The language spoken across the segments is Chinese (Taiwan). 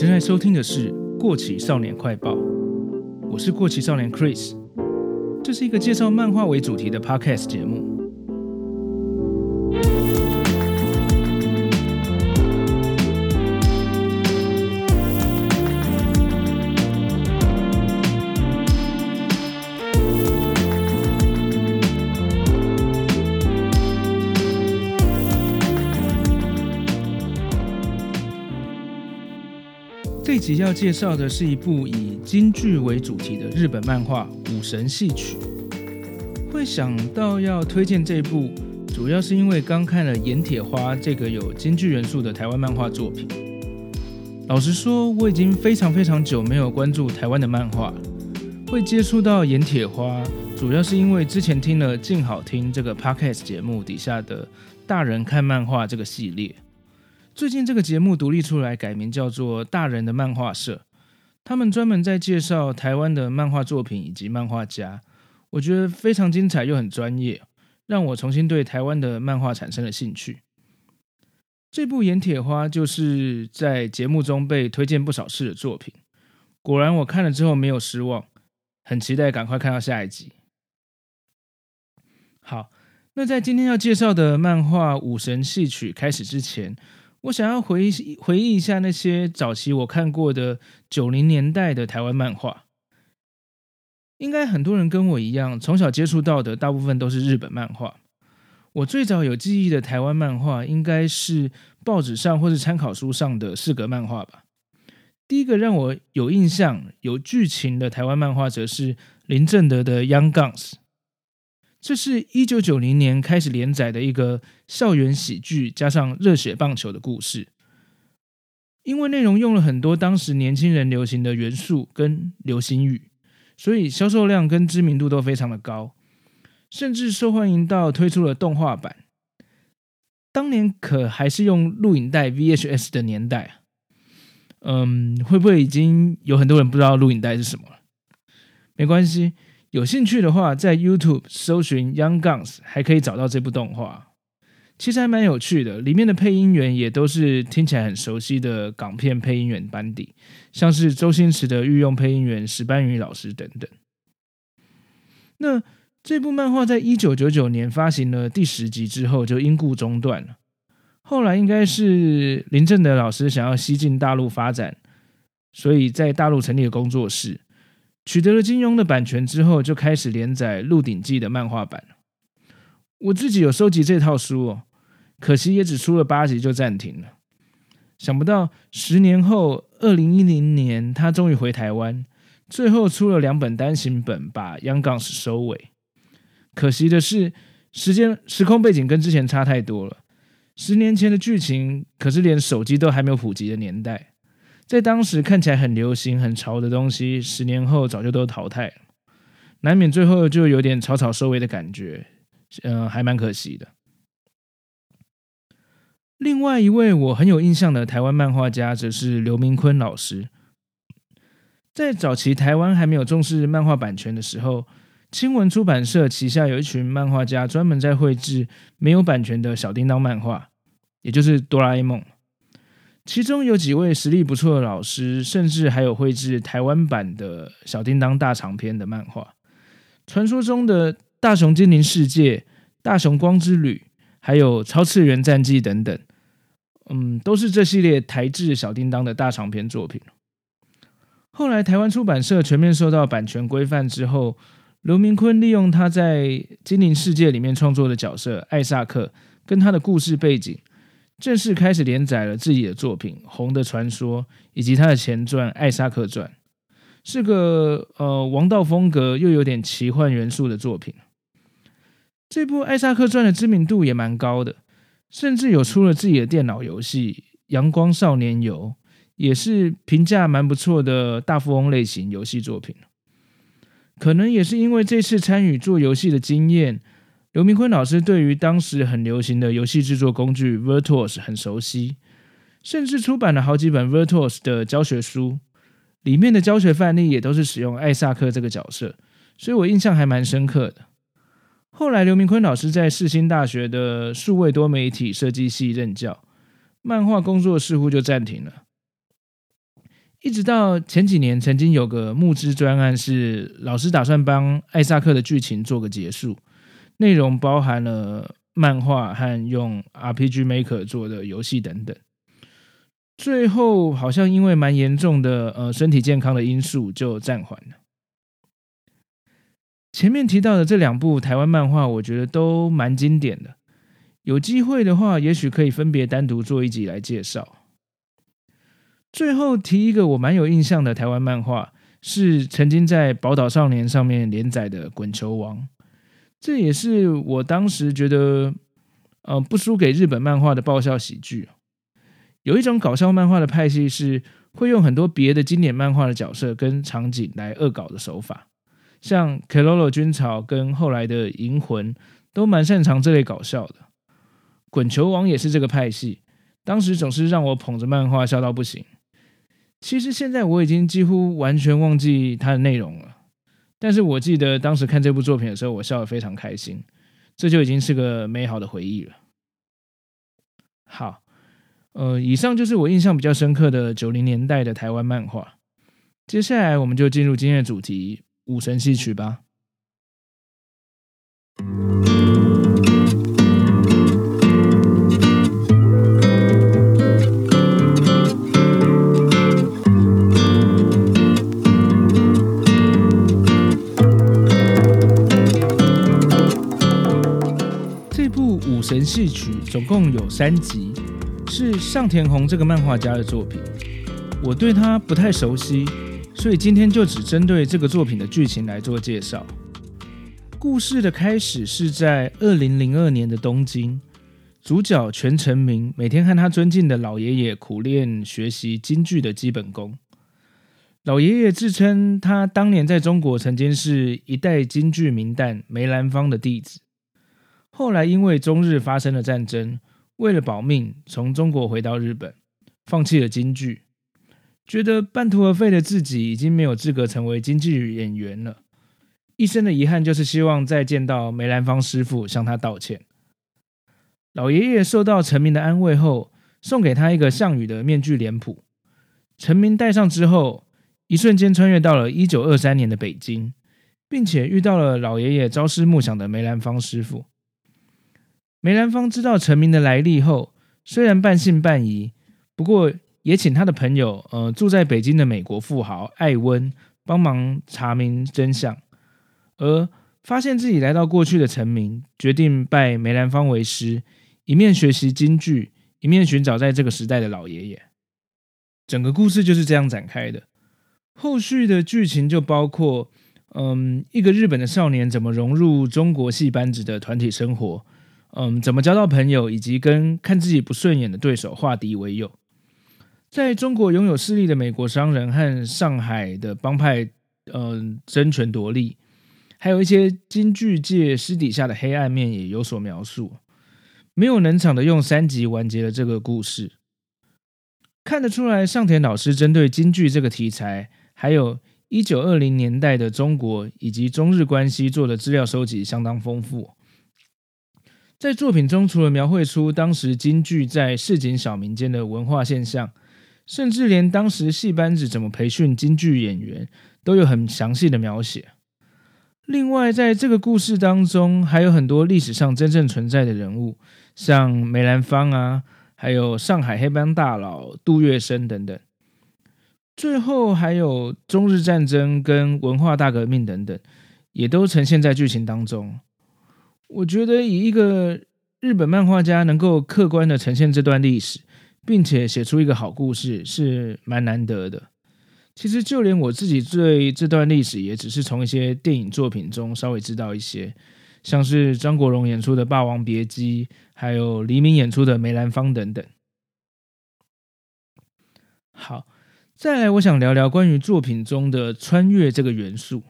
正在收聽的是《過氣少年快報》，我是過氣少年 Chris，這是一個介紹漫畫為主題的 Podcast 節目。要介紹的是一部以京劇為主題的日本漫畫《武神戲曲》。會想到要推薦這部，主要是因為剛看了《閻鐵花》這個有京劇元素的台灣漫畫作品。老實說，我已經非常非常久沒有關注台灣的漫畫。會接觸到《閻鐵花》，主要是因為之前聽了《靜好聽》這個 podcast 節目底下的《大人看漫畫》這個系列。最近這個節目獨立出來，改名叫做《大人的漫畫社》，他們專門在介紹台灣的漫畫作品以及漫畫家，我覺得非常精彩又很專業，讓我重新對台灣的漫畫產生了興趣。這部《閻鐵花》就是在節目中被推薦不少次的作品，果然我看了之後沒有失望，很期待趕快看到下一集。好，那在今天要介紹的漫畫《武神戲曲》開始之前。我想要回憶回憶一下那些早期我看過的九零年代的台灣漫畫，應該很多人跟我一樣，從小接觸到的大部分都是日本漫畫。我最早有記憶的台灣漫畫應該是報紙上或是參考書上的四格漫畫吧。第一個讓我有印象、有劇情的台灣漫畫，則是林正德的《Young Guns》。這是一九九零年開始連載的一個校園喜劇，加上熱血棒球的故事。因為內容用了很多當時年輕人流行的元素跟流行語，所以銷售量跟知名度都非常的高，甚至受歡迎到推出了動畫版。當年可還是用錄影帶 VHS 的年代啊，嗯，會不會已經有很多人不知道錄影帶是什麼了？沒關係。有興趣的話，在 YouTube 搜尋 Young Guns，還可以找到這部動畫。其實還蠻有趣的，裡面的配音員也都是聽起來很熟悉的港片配音員班底，像是周星馳的御用配音員石班瑜老師等等。那這部漫畫在一九九九年發行了第十集之後，就因故中斷了。後來應該是林政德老師想要西進大陸發展，所以在大陸成立了工作室。取得了金庸的版權之後，就開始連載《鹿鼎記》的漫畫版。我自己有收集這套書哦，可惜也只出了八集就暫停了。想不到十年後，二零一零年，他終於回台灣，最後出了兩本單行本，把《Young Guns》收尾。可惜的是，時間時空背景跟之前差太多了。十年前的劇情可是連手機都還沒有普及的年代。在當時看起來很流行、很潮的東西，十年後早就都淘汰了，難免最後就有點草草收尾的感覺，嗯、呃，還蠻可惜的。另外一位我很有印象的台灣漫畫家，則是劉明坤老師。在早期台灣還沒有重視漫畫版權的時候，青文出版社旗下有一群漫畫家，專門在繪製沒有版權的小叮噹漫畫，也就是哆啦 A 夢。其中有幾位實力不錯的老師，甚至還有繪制台灣版的《小叮當大長篇》的漫畫，傳說中的《大雄精靈世界》《大雄光之旅》，還有《超次元戰記》等等，嗯，都是這系列台制《小叮當》的大長篇作品。後來台灣出版社全面受到版權規範之後，劉明坤利用他在《精靈世界》裡面創作的角色艾薩克跟他的故事背景。正式開始連載了自己的作品《紅的傳說》，以及他的前傳《艾薩克傳》，是個呃王道風格又有點奇幻元素的作品。這部《艾薩克傳》的知名度也蠻高的，甚至有出了自己的電腦遊戲《陽光少年遊》，也是評價蠻不錯的大富翁類型遊戲作品。可能也是因為這次參與做遊戲的經驗。劉明坤老師對於當時很流行的遊戲制作工具 Vertex 很熟悉，甚至出版了好幾本 Vertex 的教學書，裡面的教學範例也都是使用艾薩克這個角色，所以我印象還蠻深刻的。後來劉明坤老師在世新大學的數位多媒體設計系任教，漫畫工作似乎就暫停了，一直到前幾年，曾經有個募資專案，是老師打算幫艾薩克的劇情做個結束。內容包含了漫畫和用 RPG Maker 做的遊戲等等。最後好像因為蠻嚴重的呃、身體健康的因素就暫緩了。前面提到的這兩部台灣漫畫，我覺得都蠻經典的。有機會的話，也許可以分別單獨做一集來介紹。最後提一個我蠻有印象的台灣漫畫，是曾經在《寶島少年》上面連載的《滾球王》。這也是我當時覺得，呃，不輸給日本漫畫的爆笑喜劇。有一種搞笑漫畫的派系是會用很多別的經典漫畫的角色跟場景來惡搞的手法，像《Keroro 軍曹》跟後來的《銀魂》都蠻擅長這類搞笑的，《滾球王》也是這個派系，當時總是讓我捧着漫畫笑到不行。其實現在我已經幾乎完全忘記它的內容了。但是我記得當時看這部作品的時候，我笑得非常開心，這就已經是個美好的回憶了。好，呃，以上就是我印象比較深刻的九零年代的台灣漫畫。接下來，我們就進入今天的主題《武神戲曲》吧。《武神戲曲》總共有三集，是上田宏這個漫畫家的作品。我對他不太熟悉，所以今天就只針對這個作品的劇情來做介紹。故事的開始是在二零零二年的東京，主角全成明每天和他尊敬的老爺爺苦練學習京劇的基本功。老爺爺自稱他當年在中國曾經是一代京劇名旦梅蘭芳的弟子。後來因為中日發生了戰爭，為了保命，從中國回到日本，放棄了京劇，覺得半途而廢的自己已經沒有資格成為京劇演員了。一生的遺憾就是希望再見到梅蘭芳師傅向他道歉。老爺爺受到陳明的安慰後，送給他一個項羽的面具臉譜。陳明戴上之後，一瞬間穿越到了一九二三年的北京，並且遇到了老爺爺朝思暮想的梅蘭芳師傅。梅蘭芳知道成名的來歷後，雖然半信半疑，不過也請他的朋友，呃，住在北京的美國富豪艾溫幫忙查明真相。而發現自己來到過去的成名，決定拜梅蘭芳為師，一面學習京劇，一面尋找在這個時代的老爺爺。整個故事就是這樣展開的。後續的劇情就包括，嗯，一個日本的少年怎麼融入中國戲班子的團體生活。嗯，怎麼交到朋友，以及跟看自己不順眼的對手化敵為友，在中國擁有勢力的美國商人和上海的幫派，嗯，爭權奪利，還有一些京劇界私底下的黑暗面也有所描述。沒有冷場的，用三集完結了這個故事。看得出來，上田老師針對京劇這個題材，還有一九二零年代的中國以及中日關係做的資料收集相當豐富。在作品中，除了描繪出當時京劇在市井小民間的文化現象，甚至連當時戲班子怎麼培訓京劇演員都有很詳細的描寫。另外，在這個故事當中，還有很多歷史上真正存在的人物，像梅蘭芳啊，還有上海黑幫大佬杜月笙等等。最後，還有中日戰爭跟文化大革命等等，也都呈現在劇情當中。我覺得以一個日本漫畫家能夠客觀的呈現這段歷史，並且寫出一個好故事是蠻難得的。其實就連我自己對這段歷史，也只是從一些電影作品中稍微知道一些，像是張國榮演出的《霸王別姬》，還有黎明演出的《梅蘭芳》等等。好，再來，我想聊聊關於作品中的穿越這個元素。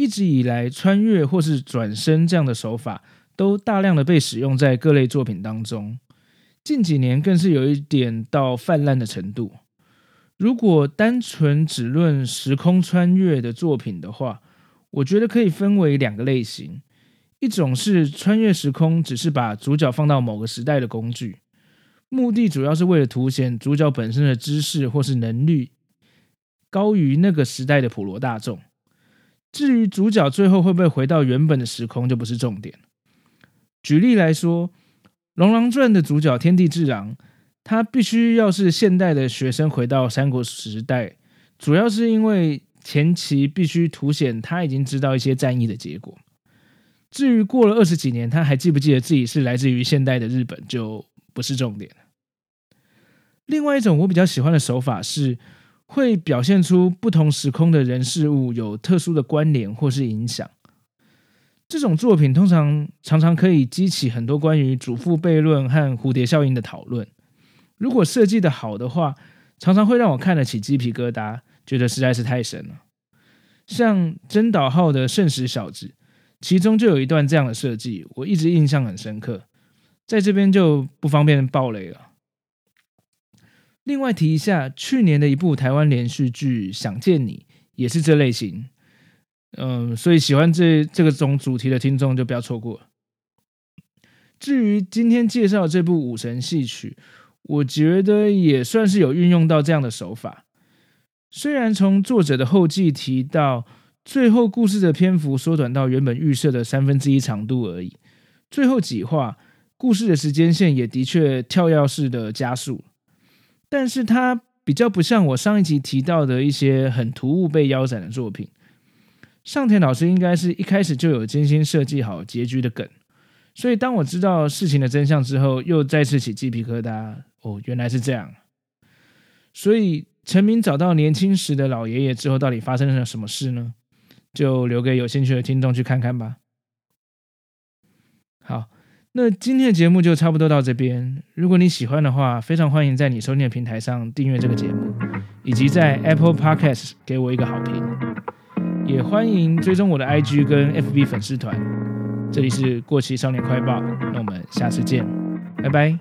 一直以來，穿越或是轉生這樣的手法，都大量的被使用在各類作品當中。近幾年更是有一點到氾濫的程度。如果單純只論時空穿越的作品的話，我覺得可以分為兩個類型：一種是穿越時空只是把主角放到某個時代的工具，目的主要是為了凸顯主角本身的知識或是能力高於那個時代的普羅大眾。至於主角最後會不會回到原本的時空，就不是重點。舉例來說，《龍狼傳》的主角天地志狼，他必須要是現代的學生回到三國時代，主要是因為前期必須凸顯他已經知道一些戰役的結果。至於過了二十幾年，他還記不記得自己是來自於現代的日本，就不是重點。另外一種我比較喜歡的手法是。會表現出不同時空的人事物有特殊的關聯或是影響。這種作品通常常常可以激起很多關於祖父悖論和蝴蝶效應的討論。如果設計得好的話，常常會讓我看得起雞皮疙瘩，覺得實在是太神了。像真島浩的《聖石小子》，其中就有一段這樣的設計，我一直印象很深刻。在這邊就不方便爆雷了。另外提一下，去年的一部台灣連續劇《想見你》也是這類型。嗯，所以喜歡這這個種主題的聽眾就不要錯過。至於今天介紹這部《武神戲曲》，我覺得也算是有運用到這樣的手法。雖然從作者的後記提到，最後故事的篇幅縮短到原本預設的三分之一長度而已。最後幾話，故事的時間線也的確跳躍式的加速。但是它比較不像我上一集提到的一些很突兀被腰斬的作品，上田老師應該是一開始就有精心設計好結局的梗，所以當我知道事情的真相之後，又再次起雞皮疙瘩。哦，原來是這樣。所以陳明找到年輕時的老爺爺之後，到底發生了什麼事呢？就留給有興趣的聽眾去看看吧。好。那今天的節目就差不多到這邊。如果你喜歡的話，非常歡迎在你收聽的平台上訂閱這個節目，以及在 Apple Podcast 給我一個好評。也歡迎追蹤我的 IG 跟 FB 粉絲團。這裡是過期少年快報。那我們下次見，拜拜。